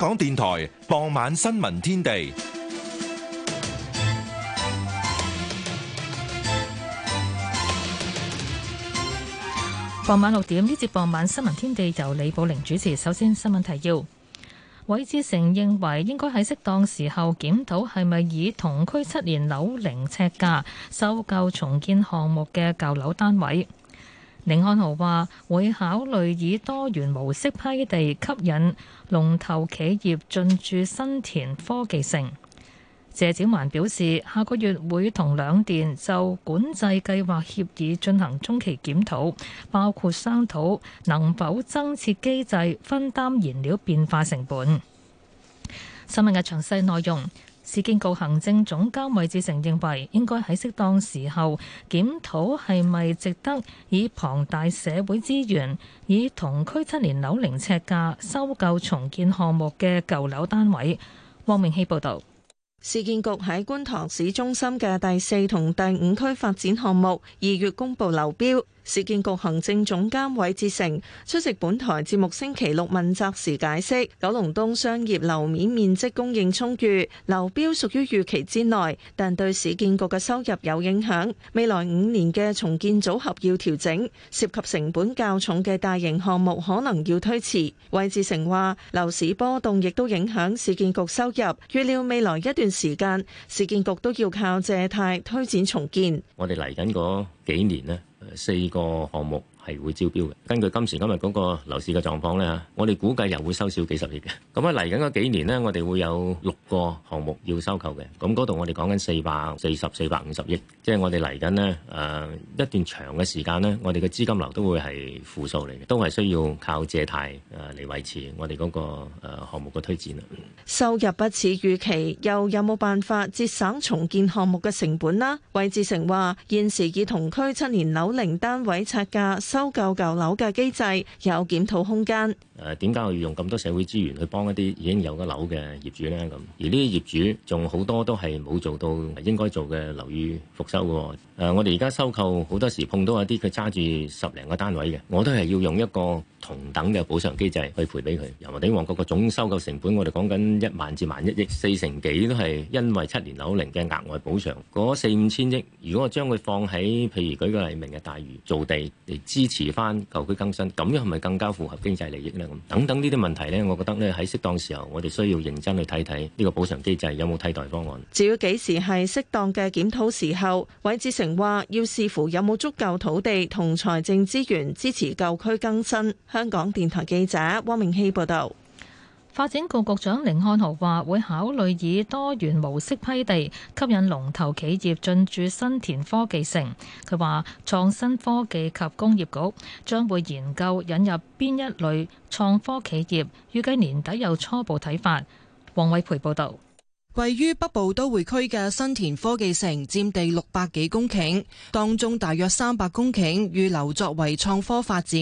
港電台傍晚新聞天地。傍晚六點呢節傍晚新聞天地由李寶玲主持。首先新聞提要，韋志成認為應該喺適當時候檢討係咪以同區七年樓齡尺價收購重建項目嘅舊樓單位。凌漢豪話會考慮以多元模式批地，吸引龍頭企業進駐新田科技城。謝展寰表示，下個月會同兩電就管制計劃協議進行中期檢討，包括商討能否增設機制分擔燃料變化成本。新聞嘅詳細內容。市建局行政總監魏志成認為，應該喺適當時候檢討係咪值得以龐大社會資源，以同區七年樓齡尺價收購重建項目嘅舊樓單位。汪明希報道，市建局喺觀塘市中心嘅第四同第五區發展項目，二月公布流標。市建局行政總監韋志成出席本台節目《星期六問責》時解釋，九龍東商業樓面面積供應充裕，樓標屬於預期之內，但對市建局嘅收入有影響。未來五年嘅重建組合要調整，涉及成本較重嘅大型項目可能要推遲。韋志成話，樓市波動亦都影響市建局收入，預料未來一段時間市建局都要靠借貸推展重建。我哋嚟緊嗰幾年咧。四個項目係會招標嘅，根據今時今日嗰個樓市嘅狀況咧，我哋估計又會收少幾十億嘅。咁啊嚟緊嗰幾年呢，我哋會有六個項目要收購嘅。咁嗰度我哋講緊四百四十四百五十億，即係我哋嚟緊呢誒一段長嘅時間呢，我哋嘅資金流都會係負數嚟嘅，都係需要靠借貸誒嚟維持我哋嗰個誒項目嘅推展啦。收入不似預期，又有冇辦法節省重建項目嘅成本啦？韋志成話：現時以同區七年樓齡單位呎價。收購舊樓嘅機制有檢討空間。誒，點解我要用咁多社會資源去幫一啲已經有咗樓嘅業主咧？咁而呢啲業主仲好多都係冇做到應該做嘅樓宇復修嘅。誒，我哋而家收購好多時碰到一啲佢揸住十零個單位嘅，我都係要用一個同等嘅補償機制去賠俾佢。油麻地旺角嘅總收購成本，我哋講緊一萬至萬一億四成幾都係因為七年樓齡嘅額外補償。嗰四五千億，如果我將佢放喺，譬如舉個例明日大嶼造地嚟支持翻舊區更新，咁樣係咪更加符合經濟利益呢？等等呢啲問題呢，我覺得呢，喺適當時候，我哋需要認真去睇睇呢個補償機制有冇替代方案。至於幾時係適當嘅檢討時候，韋志成話要視乎有冇足夠土地同財政資源支持舊區更新。香港電台記者汪明希報道。發展局局長寧漢豪話：會考慮以多元模式批地，吸引龍頭企業進駐新田科技城。佢話創新科技及工業局將會研究引入邊一類創科企業，預計年底有初步睇法。王偉培報道。位於北部都會區嘅新田科技城占地六百幾公頃，當中大約三百公頃預留作為創科發展。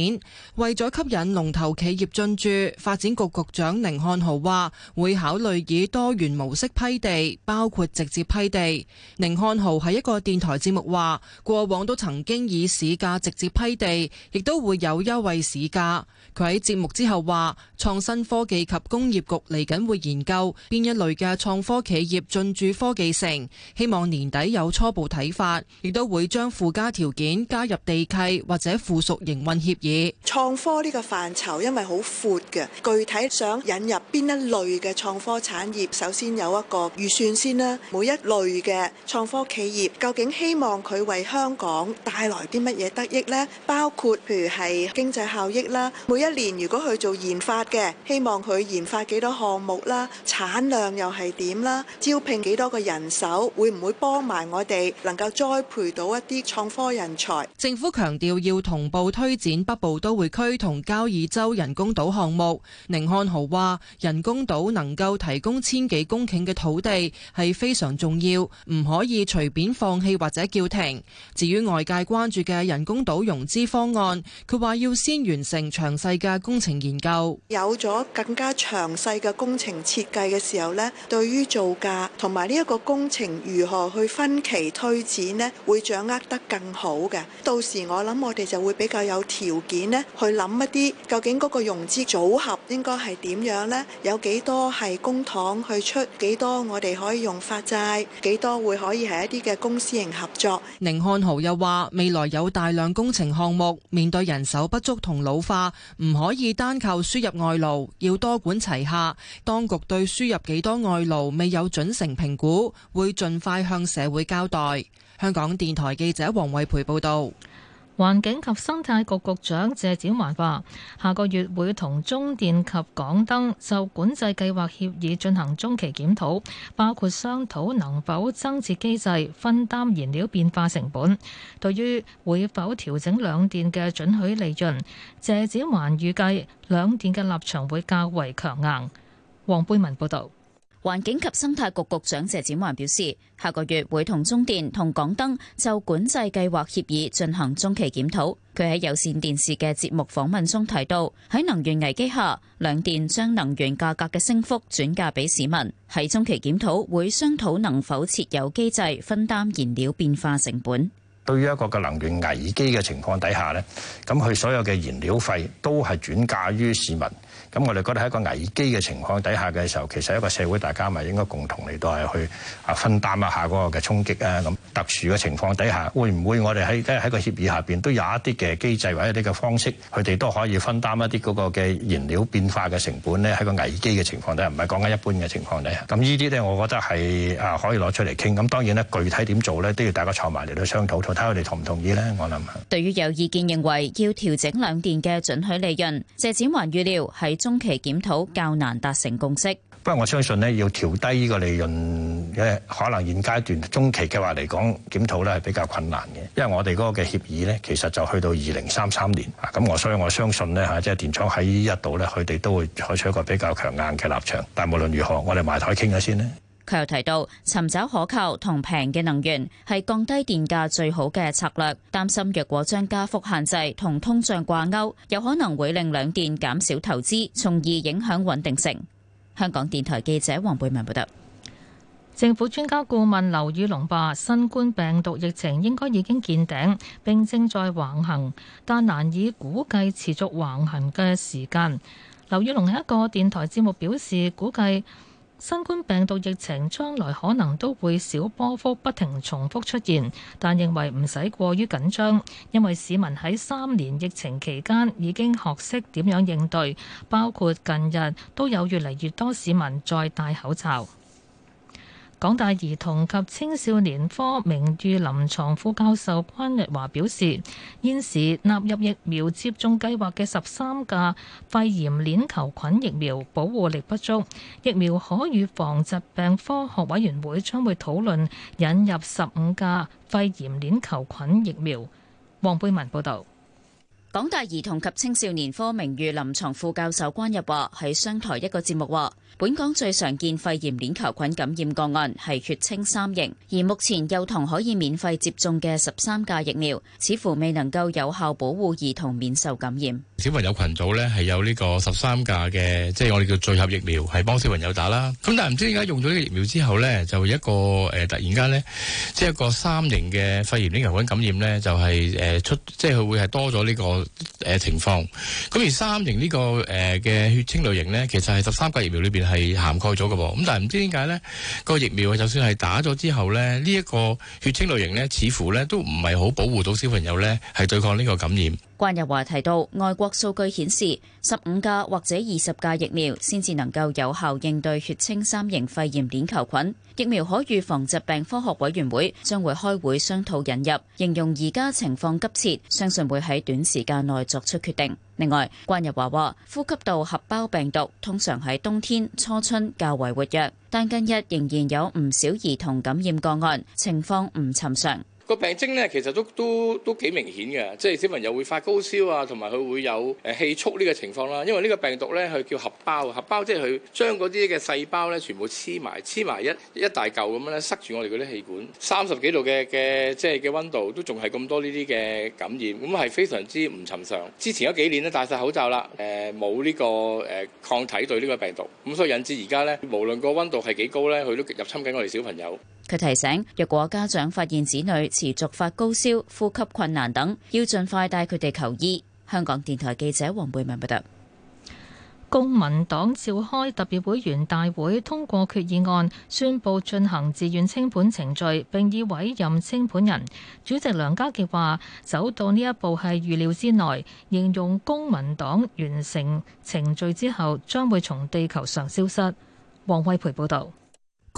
為咗吸引龍頭企業進駐，發展局局長寧漢豪話會考慮以多元模式批地，包括直接批地。寧漢豪喺一個電台節目話，過往都曾經以市價直接批地，亦都會有優惠市價。佢喺節目之後話，創新科技及工業局嚟緊會研究邊一類嘅創科企業進駐科技城，希望年底有初步睇法，亦都會將附加條件加入地契或者附屬營運協議。創科呢個範疇因為好闊嘅，具體想引入邊一類嘅創科產業，首先有一個預算先啦。每一類嘅創科企業，究竟希望佢為香港帶來啲乜嘢得益咧？包括譬如係經濟效益啦，每一年如果去做研發嘅，希望佢研發幾多項目啦，產量又係點啦。招聘幾多個人手，會唔會幫埋我哋能夠栽培到一啲創科人才？政府強調要同步推展北部都會區同交椅洲人工島項目。寧漢豪話：人工島能夠提供千幾公頃嘅土地，係非常重要，唔可以隨便放棄或者叫停。至於外界關注嘅人工島融資方案，佢話要先完成詳細嘅工程研究。有咗更加詳細嘅工程設計嘅時候咧，對於。造價同埋呢一個工程如何去分期推展咧，會掌握得更好嘅。到時我諗我哋就會比較有條件咧，去諗一啲究竟嗰個融資組合應該係點樣咧？有幾多係公帑去出？幾多我哋可以用發債？幾多會可以係一啲嘅公私營合作？寧漢豪又話：未來有大量工程項目，面對人手不足同老化，唔可以單靠輸入外勞，要多管齊下。當局對輸入幾多外勞未？有準成評估，會盡快向社會交代。香港電台記者黃慧培報道。環境及生態局局長謝展寰話下個月會同中電及港燈就管制計劃協議進行中期檢討，包括商討能否增設機制分擔燃料變化成本。對於會否調整兩電嘅准許利潤，謝展寰預計兩電嘅立場會較為強硬。黃貝文報道。環境及生態局局長謝展寰表示，下個月會同中電同港燈就管制計劃協議進行中期檢討。佢喺有線電視嘅節目訪問中提到，喺能源危機下，兩電將能源價格嘅升幅轉嫁俾市民。喺中期檢討會商討能否設有機制分擔燃料變化成本。對於一個嘅能源危機嘅情況底下咧，咁佢所有嘅燃料費都係轉嫁於市民。咁我哋覺得喺一個危機嘅情況底下嘅時候，其實一個社會大家咪應該共同嚟到係去分擔一下嗰個嘅衝擊啊！咁特殊嘅情況底下，會唔會我哋喺喺個協議下邊都有一啲嘅機制或者一啲嘅方式，佢哋都可以分擔一啲嗰個嘅燃料變化嘅成本咧？喺個危機嘅情況底下，唔係講緊一般嘅情況底下。咁呢啲咧，我覺得係啊可以攞出嚟傾。咁當然咧，具體點做咧，都要大家坐埋嚟到商討。睇佢哋同唔同意咧？我諗，對於有意見認為要調整兩電嘅准許利潤，謝展環預料喺中期檢討較難達成共識。不過我相信咧，要調低呢個利潤，可能現階段中期計劃嚟講檢討咧係比較困難嘅，因為我哋嗰個嘅協議咧，其實就去到二零三三年啊。咁我所以我相信咧嚇，即係電廠喺呢一度咧，佢哋都會採取一個比較強硬嘅立場。但係無論如何，我哋埋台傾下先咧。佢又提到，尋找可靠同平嘅能源係降低電價最好嘅策略，擔心若果將加幅限制同通脹掛鈎，有可能會令兩電減少投資，從而影響穩定性。香港電台記者黃貝文報道。政府專家顧問劉宇龍話新冠病毒疫情應該已經見頂，並正在橫行，但難以估計持續橫行嘅時間，劉宇龍喺一個電台節目表示，估計。新冠病毒疫情將來可能都會小波幅不停重複出現，但認為唔使過於緊張，因為市民喺三年疫情期間已經學識點樣應對，包括近日都有越嚟越多市民再戴口罩。港大兒童及青少年科名譽臨床副教授關日華表示，現時納入疫苗接種計劃嘅十三價肺炎鏈球菌疫苗保護力不足，疫苗可預防疾病科學委員會將會討論引入十五價肺炎鏈球菌疫苗。黃貝文報導。港大兒童及青少年科名譽臨床副教授關日華喺商台一個節目話，本港最常見肺炎鏈球菌感染個案係血清三型，而目前幼童可以免費接種嘅十三價疫苗，似乎未能夠有效保護兒童免受感染。小朋友群組咧係有呢個十三價嘅，即係我哋叫聚合疫苗，係幫小朋友打啦。咁但係唔知點解用咗呢個疫苗之後咧，就一個誒突然間咧，即係一個三型嘅肺炎鏈球菌感染咧，就係誒出，即係佢會係多咗呢個誒情況。咁而三型呢個誒嘅血清類型咧，其實係十三價疫苗裏邊。係涵蓋咗嘅，咁但係唔知點解呢個疫苗就算係打咗之後呢，呢一個血清類型呢，似乎呢都唔係好保護到小朋友呢，係對抗呢個感染。關日華提到，外國數據顯示，十五價或者二十價疫苗先至能夠有效應對血清三型肺炎鏈球菌。疫苗可預防疾病科學委員會將會開會商討引入，形容而家情況急切，相信會喺短時間內作出決定。另外，關日華話，呼吸道合胞病毒通常喺冬天初春較為活躍，但近日仍然有唔少兒童感染個案，情況唔尋常。個病徵咧，其實都都都幾明顯嘅，即係小朋友會發高燒啊，同埋佢會有誒氣促呢個情況啦。因為呢個病毒咧，佢叫合包，合包即係佢將嗰啲嘅細胞咧，全部黐埋，黐埋一一大嚿咁樣咧，塞住我哋嗰啲氣管。三十幾度嘅嘅即係嘅溫度，都仲係咁多呢啲嘅感染，咁係非常之唔尋常。之前有幾年咧戴晒口罩啦，呃冇呢個呃抗體對呢個病毒，咁所以引致而家咧，無論個溫度係幾高咧，佢都入侵緊我哋小朋友。佢提醒，若果家長發現子女持續發高燒、呼吸困難等，要盡快帶佢哋求醫。香港電台記者黃貝文報道。公民黨召開特別會員大會，通過決議案，宣布進行自願清盤程序並以委任清盤人。主席梁家傑話：走到呢一步係預料之內，形容公民黨完成程序之後將會從地球上消失。黃惠培報道。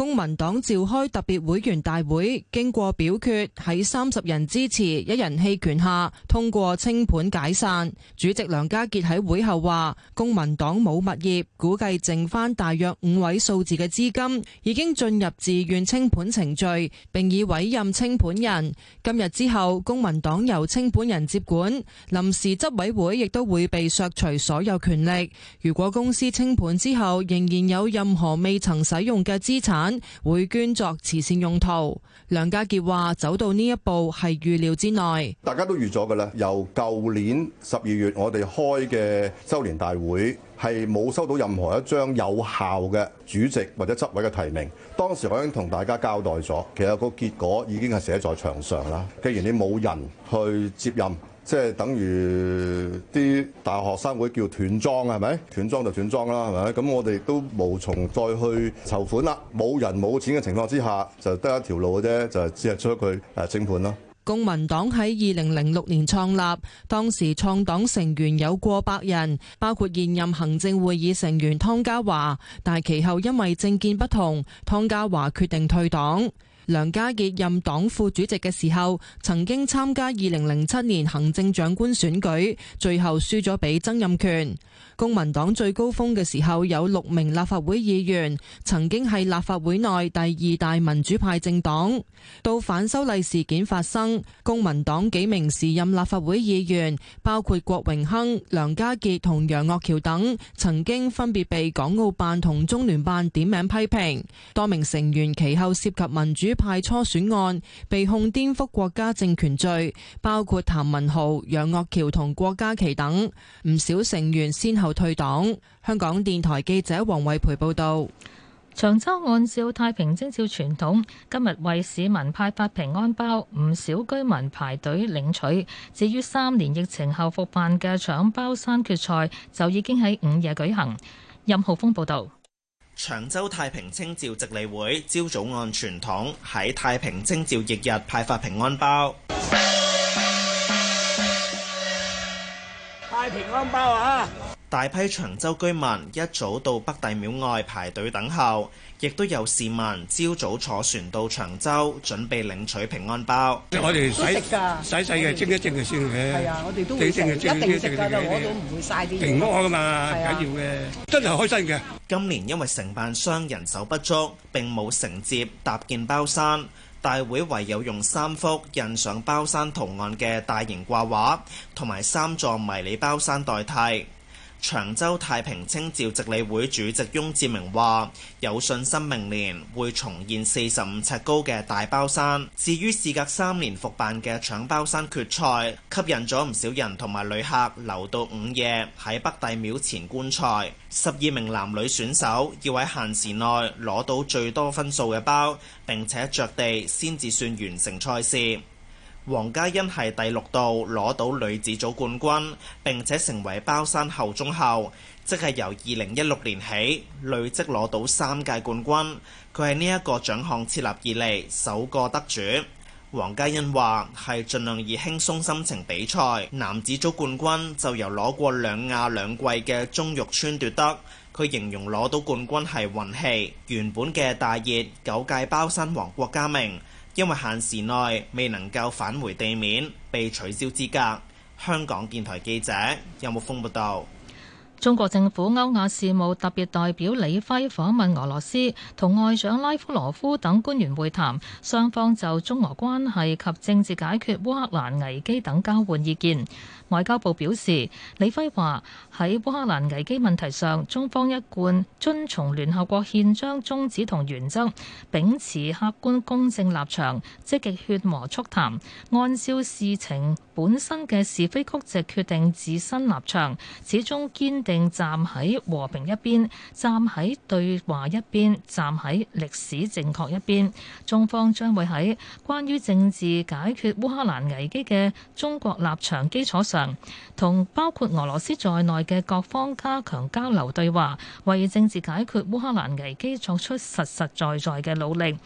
公民黨召開特別會員大會，經過表決喺三十人支持、一人棄權下通過清盤解散。主席梁家傑喺會後話：公民黨冇物業，估計剩翻，大約五位數字嘅資金，已經進入自願清盤程序，並已委任清盤人。今日之後，公民黨由清盤人接管，臨時執委會亦都會被削除所有權力。如果公司清盤之後仍然有任何未曾使用嘅資產，會捐作慈善用途。梁家傑話：走到呢一步係預料之內，大家都預咗噶啦。由舊年十二月我哋開嘅周年大會，係冇收到任何一張有效嘅主席或者執委嘅提名。當時我已經同大家交代咗，其實個結果已經係寫在牆上啦。既然你冇人去接任。即係等於啲大學生會叫斷莊啊，係咪？斷莊就斷莊啦，係咪？咁我哋都無從再去籌款啦，冇人冇錢嘅情況之下，就得一條路嘅啫，就只係出去誒清盤啦。公民黨喺二零零六年創立，當時創黨成員有過百人，包括現任行政會議成員湯家驊，但係其後因為政見不同，湯家驊決定退黨。梁家傑任黨副主席嘅時候，曾經參加二零零七年行政長官選舉，最後輸咗俾曾蔭權。公民黨最高峰嘅時候有六名立法會議員，曾經係立法會內第二大民主派政黨。到反修例事件發生，公民黨幾名時任立法會議員，包括郭榮鏗、梁家傑同楊嶽橋等，曾經分別被港澳辦同中聯辦點名批評。多名成員其後涉及民主。派初選案被控顛覆國家政權罪，包括譚文豪、楊岳橋同郭家麒等，唔少成員先後退黨。香港電台記者黃慧培報道。長洲按照太平清醮傳統，今日為市民派發平安包，唔少居民排隊領取。至於三年疫情後復辦嘅搶包山決賽，就已經喺午夜舉行。任浩峰報道。長洲太平清醮值理會朝早按傳統喺太平清醮翌日派發平安包。太平安包啊！大批長洲居民一早到北帝廟外排隊等候，亦都有市民朝早坐船到長洲，準備領取平安包。我哋洗，洗洗嘅蒸一蒸就算嘅，係啊，我哋都會一定食㗎啦，我都唔會嘥啲嘢。平安㗎嘛，啊，緊要嘅真係開心嘅。今年因為承辦商人手不足，並冇承接搭建包山，大會唯有用三幅印上包山圖案嘅大型掛畫，同埋三座迷你包山代替。長洲太平清醮值理會主席翁志明話：有信心明年會重現四十五尺高嘅大包山。至於事隔三年復辦嘅搶包山決賽，吸引咗唔少人同埋旅客留到午夜喺北帝廟前觀賽。十二名男女選手要喺限時內攞到最多分數嘅包，並且着地先至算完成賽事。王嘉欣係第六度攞到女子組冠軍，並且成為包山后中后，即係由二零一六年起累積攞到三屆冠軍。佢係呢一個獎項設立以嚟首個得主。王嘉欣話：係盡量以輕鬆心情比賽。男子組冠軍就由攞過兩亞兩季嘅鍾玉川奪得。佢形容攞到冠軍係運氣。原本嘅大熱九屆包山王郭家明，因為限時內未能夠返回地面，被取消資格。香港電台記者有木峯報道。中國政府歐亞事務特別代表李輝訪問俄羅斯，同外長拉夫羅夫等官員會談，雙方就中俄關係及政治解決烏克蘭危機等交換意見。外交部表示，李輝話喺烏克蘭危機問題上，中方一貫遵從聯合國憲章宗旨同原則，秉持客觀公正立場，積極勸和促談，按照事情本身嘅是非曲直決定自身立場，始終堅定站喺和平一邊，站喺對話一邊，站喺歷史正確一邊。中方將會喺關於政治解決烏克蘭危機嘅中國立場基礎上，同包括俄羅斯在內嘅各方加強交流對話，為政治解決烏克蘭危機作出實實在在嘅努力。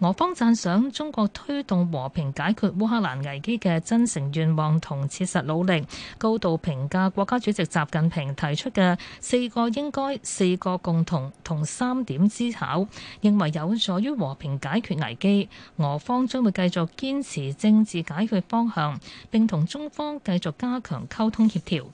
俄方贊賞中國推動和平解決烏克蘭危機嘅真誠願望同切實努力，高度評價國家主席習近平提出嘅四個應該、四個共同同三點思考，認為有助於和平解決危機。俄方將會繼續堅持政治解決方向，並同中方繼續加強溝通協調。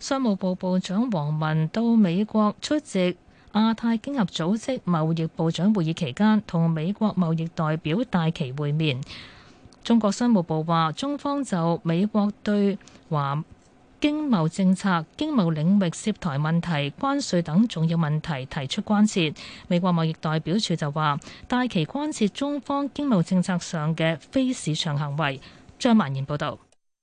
商務部部長王文到美國出席。亞太經合組織貿易部長會議期間，同美國貿易代表戴琪會面。中國商務部話，中方就美國對華經貿政策、經貿領域涉台問題、關稅等重要問題提出關切。美國貿易代表處就話，戴琪關切中方經貿政策上嘅非市場行為。張曼言報導。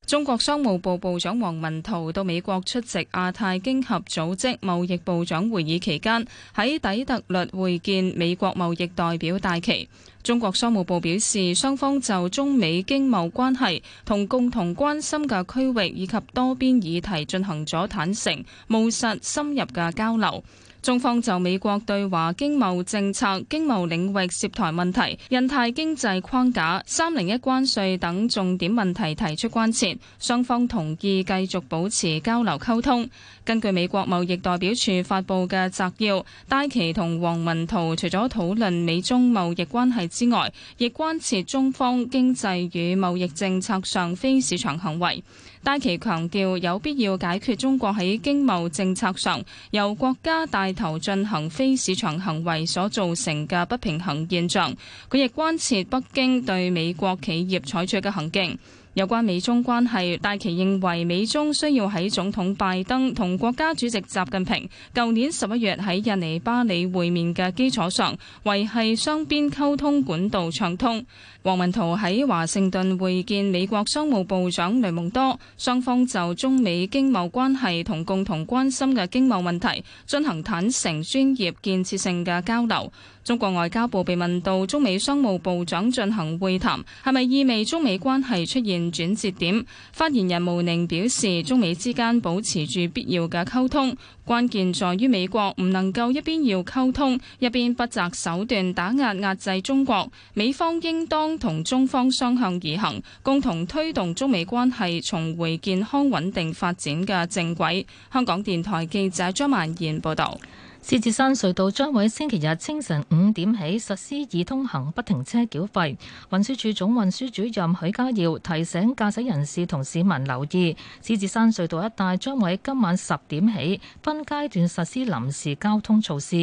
中國商務部部長王文濤到美國出席亞太經合組織貿易部長會議期間，喺底特律會見美國貿易代表戴琪。中國商務部表示，雙方就中美經貿關係同共同關心嘅區域以及多邊議題進行咗坦誠、務實、深入嘅交流。中方就美國對華經貿政策、經貿領域涉台問題、印太經濟框架、三零一關稅等重點問題提出關切，雙方同意繼續保持交流溝通。根據美國貿易代表處發布嘅摘要，戴琪同黃文濤除咗討論美中貿易關係之外，亦關切中方經濟與貿易政策上非市場行為。戴奇強調，有必要解決中國喺經貿政策上由國家帶頭進行非市場行為所造成嘅不平衡現象。佢亦關切北京對美國企業採取嘅行徑。有關美中關係，戴琪認為美中需要喺總統拜登同國家主席習近平舊年十一月喺印尼巴里會面嘅基礎上，維繫雙邊溝通管道暢通。王文濤喺華盛頓會見美國商務部長雷蒙多，雙方就中美經貿關係同共同關心嘅經貿問題進行坦誠、專業、建設性嘅交流。中國外交部被問到中美商務部長進行會談係咪意味中美關係出現轉折點？發言人毛寧表示，中美之間保持住必要嘅溝通，關鍵在於美國唔能夠一邊要溝通，一邊不擇手段打壓壓制中國。美方應當同中方雙向而行，共同推動中美關係重回健康穩定發展嘅正軌。香港電台記者張萬賢報道。獅子山隧道將會星期日清晨五點起實施易通行不停車繳費。運輸署總運輸主任許家耀提醒駕駛人士同市民留意獅子山隧道一帶將會今晚十點起分階段實施臨時交通措施。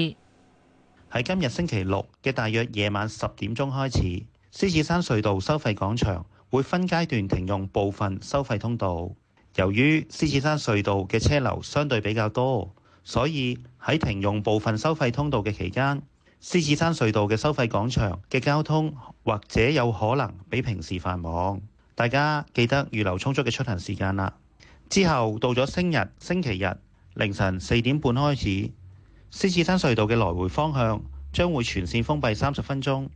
喺今日星期六嘅大約夜晚十點鐘開始，獅子山隧道收費廣場會分階段停用部分收費通道。由於獅子山隧道嘅車流相對比較多，所以喺停用部分收費通道嘅期間，獅子山隧道嘅收費廣場嘅交通或者有可能比平時繁忙，大家記得預留充足嘅出行時間啦。之後到咗星日星期日凌晨四點半開始，獅子山隧道嘅來回方向將會全線封閉三十分鐘，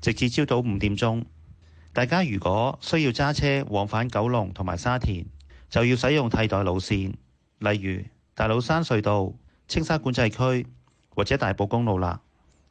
直至朝早五點鐘，大家如果需要揸車往返九龍同埋沙田，就要使用替代路綫，例如。大老山隧道、青沙管制區或者大埔公路啦。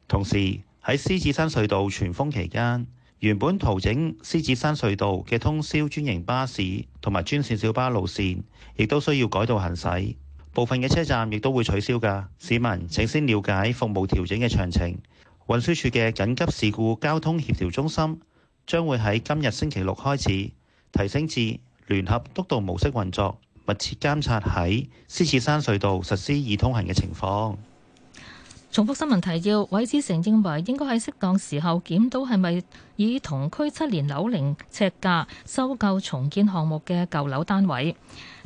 同時喺獅子山隧道全封期間，原本途整獅子山隧道嘅通宵專營巴士同埋專線小巴路線亦都需要改道行駛，部分嘅車站亦都會取消噶，市民請先了解服務調整嘅詳情。運輸署嘅緊急事故交通協調中心將會喺今日星期六開始提升至聯合督導模式運作。密切監察喺獅子山隧道實施易通行嘅情況。重複新聞提要，韋志成認為應該喺適當時候檢討係咪以同區七年樓齡尺價收購重建項目嘅舊樓單位。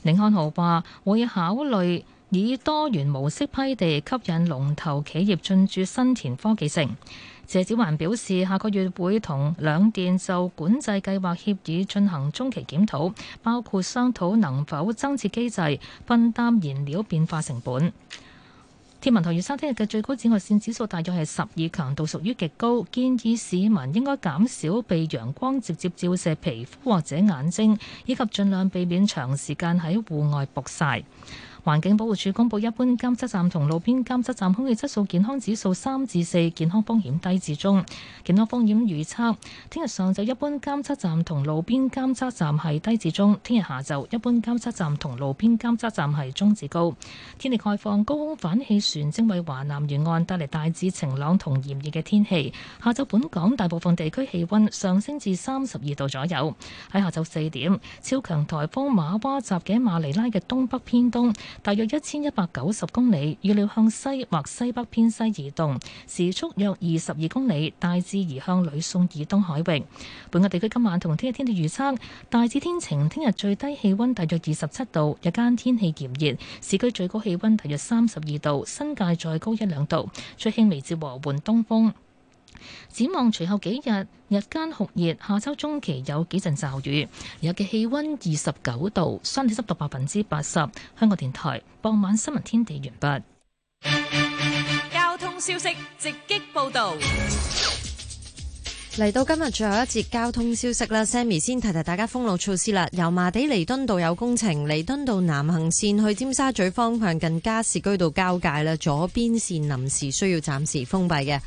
甯漢豪話會考慮以多元模式批地，吸引龍頭企業進駐新田科技城。謝子環表示，下個月會同兩電就管制計劃協議進行中期檢討，包括商討能否增設機制分擔燃料變化成本。文月三天文台預測聽日嘅最高紫外線指數大約係十二，強度屬於極高，建議市民應該減少被陽光直接照射皮膚或者眼睛，以及盡量避免長時間喺戶外曝曬。環境保護署公布一般監測站同路邊監測站空氣質素健康指數三至四，健康風險低至中。健康風險預測：聽日上晝一般監測站同路邊監測站係低至中；聽日下晝一般監測站同路邊監測站係中至高。天氣開放，高空反氣旋正為華南沿岸帶嚟大致晴朗同炎熱嘅天氣。下晝本港大部分地區氣温上升至三十二度左右。喺下晝四點，超強颱風馬巴集結馬尼拉嘅東北偏東，大約一千一百九十公里，預料向西或西北偏西移動，時速約二十二公里，大致移向呂宋以東海域。本港地區今晚同聽日天氣預測，大致天晴，聽日最低氣溫大約二十七度，日間天氣炎熱，市區最高氣溫大約三十二度，新界再高一兩度，吹輕微至和緩東風。展望隨後幾日日間酷熱，下周中期有幾陣驟雨。而日嘅氣温二十九度，相對濕度百分之八十。香港電台傍晚新聞天地完畢。交通消息直擊報道嚟到今日最後一節交通消息啦。Sammy 先提提大家封路措施啦。油麻地彌敦道有工程，彌敦道南行線去尖沙咀方向近加士居道交界咧，左邊線臨時需要暫時封閉嘅。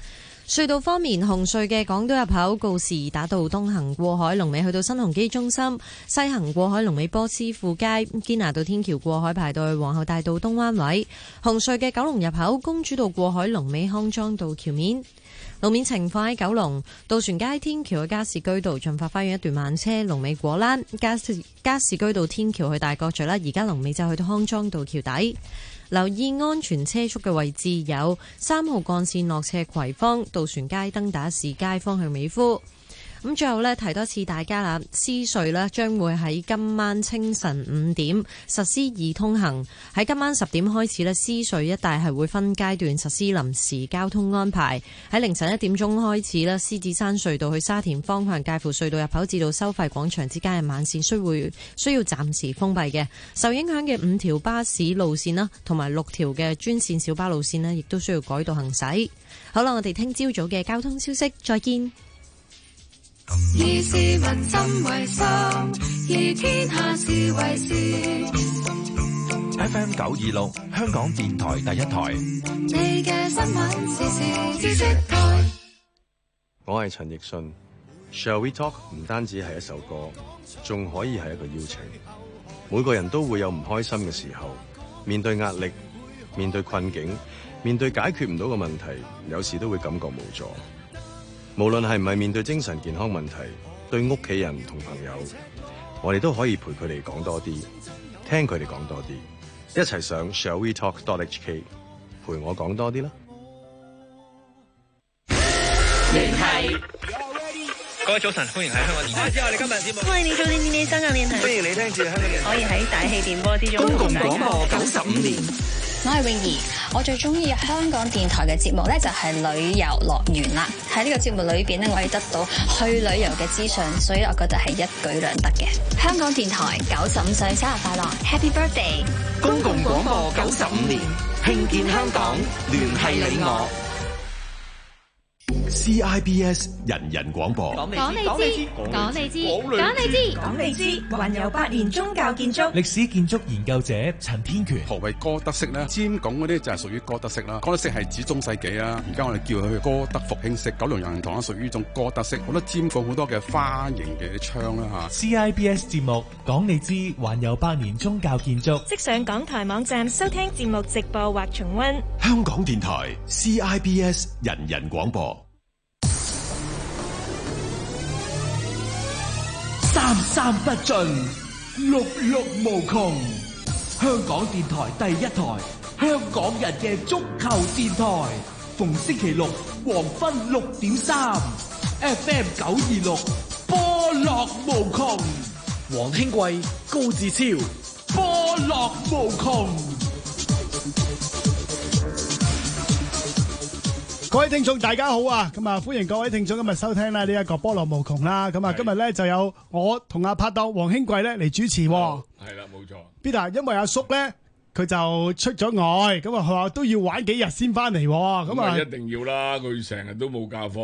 隧道方面，紅隧嘅港島入口告士打道東行過海，龍尾去到新鴻基中心；西行過海，龍尾波斯富街堅拿道天橋過海排隊；皇后大道東彎位，紅隧嘅九龍入口公主道過海，龍尾康莊道橋面路面情況喺九龍渡船街天橋嘅加士居道駿發花園一段慢車，龍尾果欄加士居道天橋去大角咀啦，而家龍尾就去到康莊道橋底。留意安全車速嘅位置有三號幹線落斜葵芳渡船街、登打士街方向美孚。咁最後呢，提多次大家啦，獅隧呢，將會喺今晚清晨五點實施易通行。喺今晚十點開始呢，獅隧一帶係會分階段實施臨時交通安排。喺凌晨一點鐘開始呢，獅子山隧道去沙田方向介乎隧道入口至到收費廣場之間嘅慢線，需要需要暫時封閉嘅。受影響嘅五條巴士路線啦，同埋六條嘅專線小巴路線呢，亦都需要改道行駛。好啦，我哋聽朝早嘅交通消息，再見。以市民心為心，以天下事為事。F.M. 九二六香港電台第一台。 你嘅新聞，時時之之台我係陳奕迅。Shall we talk？唔單止係一首歌，仲可以係一個邀請。每個人都會有唔開心嘅時候，面對壓力，面對困境，面對解決唔到嘅問題，有時都會感覺無助。無論係唔係面對精神健康問題，對屋企人同朋友，我哋都可以陪佢哋講多啲，聽佢哋講多啲，一齊上 Shall We Talk. dot H K. 陪我講多啲啦。係，各位早晨，歡迎喺香港電台。歡迎你，你做電台、啊、香港電台，歡迎你聽住香港電台。可以喺大氣電波之中公共，共廣播九十五年。我係泳兒，我最中意香港電台嘅節目咧就係旅遊樂園啦。喺呢個節目裏邊咧，我可以得到去旅遊嘅資訊，所以我覺得係一舉兩得嘅。香港電台九十五歲生日快樂，Happy Birthday！公共廣播九十五年，慶建香港，聯繫你我。CIBS 人人廣播，講你知，講你知，講你知，講你知，知，知，知，知，知，知，還有百年宗教建築，歷史建築研究者陳天權。何謂歌德式呢？尖拱嗰啲就係屬於歌德式啦。歌德式係指中世紀啊。而家我哋叫佢歌德復興式。九龍羊人堂咧屬於一種歌德式，好多尖拱，好多嘅花形嘅窗啦吓。CIBS 節目講你知，還有百年宗教建築，即上港台網站收聽節目直播或重溫。香港電台 CIBS 人人廣播。三三不盡，六六無窮。香港電台第一台，香港人嘅足球電台，逢星期六黃昏六點三，FM 九二六，波樂無窮。黃興貴、高志超，波樂無窮。各位聽眾大家好啊，咁啊歡迎各位聽眾今日收聽啦呢一個波浪無窮啦，咁啊今日咧就有我同阿拍檔黃興貴咧嚟主持，係啦冇錯。Peter，因為阿叔咧佢就出咗外，咁啊佢話都要玩幾日先翻嚟，咁啊一定要啦，佢成日都冇假放。